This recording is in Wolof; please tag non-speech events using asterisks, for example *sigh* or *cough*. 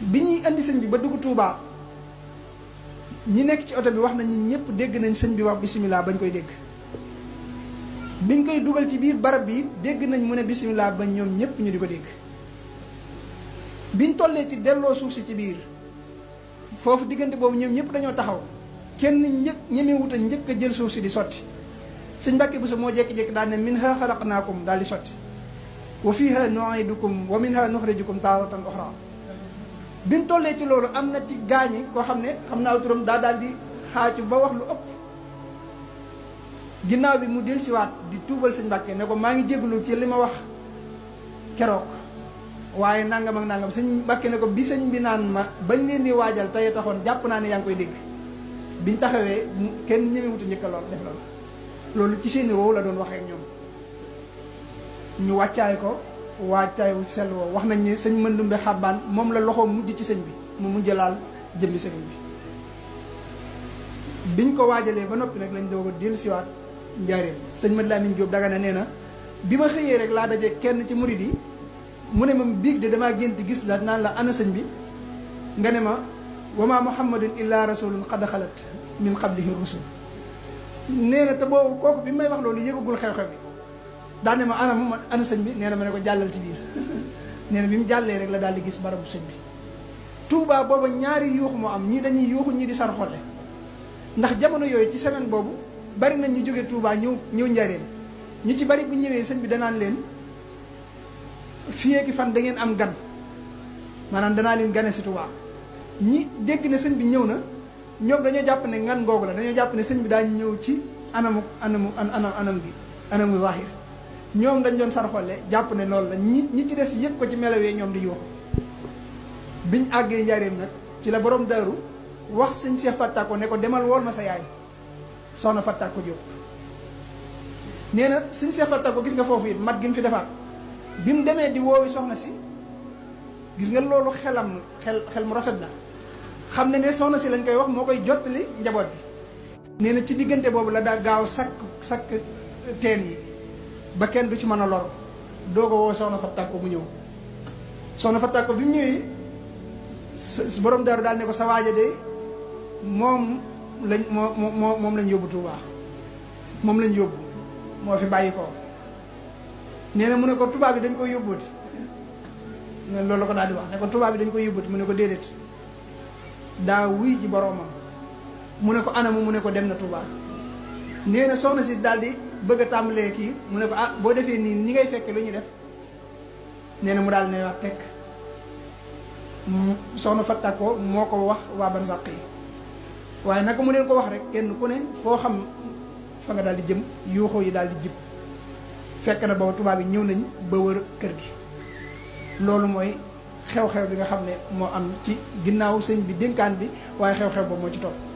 bi ñuy andi sëñ bi ba dugg Touba ñi nekk ci auto bi wax nañ ñi ñëpp dégg nañ sëñ bi wax bismillah bañ koy dégg biñ koy dugal ci biir barab bi dégg nañ mu ne bismillah bañ ñoom ñëpp ñu di ko dégg biñ tollee ci delloo suuf si ci biir foofu diggante boobu ñoom ñëpp dañoo taxaw kenn ñëk ñeme wuta ñëk a jël suuf si di sotti sëñ bu Buso moo jékki-jékki daal ne ha xalaqnaakum daal di sotti wa fiha nuidukum wa minha nuxrijukum taratan oxra bi mu tollee ci loolu am na ci gaañi koo xam ne xam naa turam daa daal di xaaju ba wax lu ëpp ginnaaw bi mu siwaat di tuubal sëñ Mbàkke ne ko maa ngi jéggalu ci li ma wax keroog waaye nangam ak nangam sëñ Mbàkke ne ko bi sëñ bi naan ma bañ leen di waajal tey taxoon jàpp naa ne yaa ngi koy dégg biñ taxawee kenn ñemewutu njëkk lool def loolu loolu ci seeni roow la doon waxee ñoom ñu wàccaay ko waajtaay wu sell woo wax nañ ni sëñ Mandoumbe Xabbaan moom la loxo mujj ci sëñ bi mu mujj laal jëmmi sëñ bi biñ ko waajalee ba noppi nag lañ doog a dellu siwaat njaareem sëñ Mad Lamin Jóob Dagana nee na bi ma xëyee rek laa daje kenn ci murid yi mu ne ma biig de damaa gént gis la naan la ana sëñ bi nga ne ma wama muhammadun illa rasulun qad xalat min qablihi rusul nee na te boobu kooku bi may wax loolu yëgagul xew-xew bi dane ma ana mom ana señ bi neena mané ko jallal ci bir *laughs* neena bimu bi rek la dal di gis barabu señ bi Touba bobu ñaari yuux mo am ñi dañuy yuux ñi di sar xolé ndax jamono yoy ci semaine bobu bari nañ ñu joggé Touba ñëw ñëw njareem ñu ci bari bu ñëwee señ bi naan leen fié ki fan da ngeen am gan da danaa leen gané ci Touba ñi dégg ne señ bi ñëw na ñom dañu japp né ngan googu la dañoo jàpp ne bi da ñëw ci anamu anamu anam anam gi anamu zahir ñoom dañ doon sarxolle jàpp ne loolu la ñi ñi ci des yëpp ko ci melowee ñoom di yuuxu biñ àggee njaareem nag ci la boroom daaru wax sëñ Cheikh Fattako ne ko demal woon ma sa yaay soxna Fattako Jóob nee na sëñ Cheikh Fattako gis nga foofu it mat gi mu fi defaat bi mu demee di woowi soxna si gis nga loolu xelam xel xel mu rafet la xam ne ne soxna si lañ koy wax moo koy jottali njaboot bi nee na ci diggante boobu la daa gaaw sakk sakk teen yi ba kenn du ci mën a lor doo ko woo soxna fa tàkko mu ñëw soxna fa ko bi mu ñëwee borom daaru daal ne ko sa waaja de moom lañ moo moom lañ yóbbu Tuuba moom lañ yóbbu moo fi bàyyi ko nee na mu ne ko tubaab bi dañ koy yóbbuti ne loolu ko daal di wax ne ko bi dañ koy yóbbuti mu ne ko déedéet daa wuy ji boroomam mu ne ko anamu mu ne ko dem na Tuuba nee soxna si daal di bëgg a tàmbalee kii mu ne ko ah boo defee nii ñi ngay fekk lu ñu def nee na mu daal ne wax teg soxna Fatta ko moo ko wax waa sàq yi waaye naka mu leen ko wax rek kenn ku ne foo xam fa nga daal di jëm yuuxu yi daal di jib fekk na booba tubaab yi ñëw nañ ba wër kër gi loolu mooy xew-xew bi nga xam ne moo am ci ginnaaw sëñ bi dénkaan bi waaye xew-xew boobu moo ci topp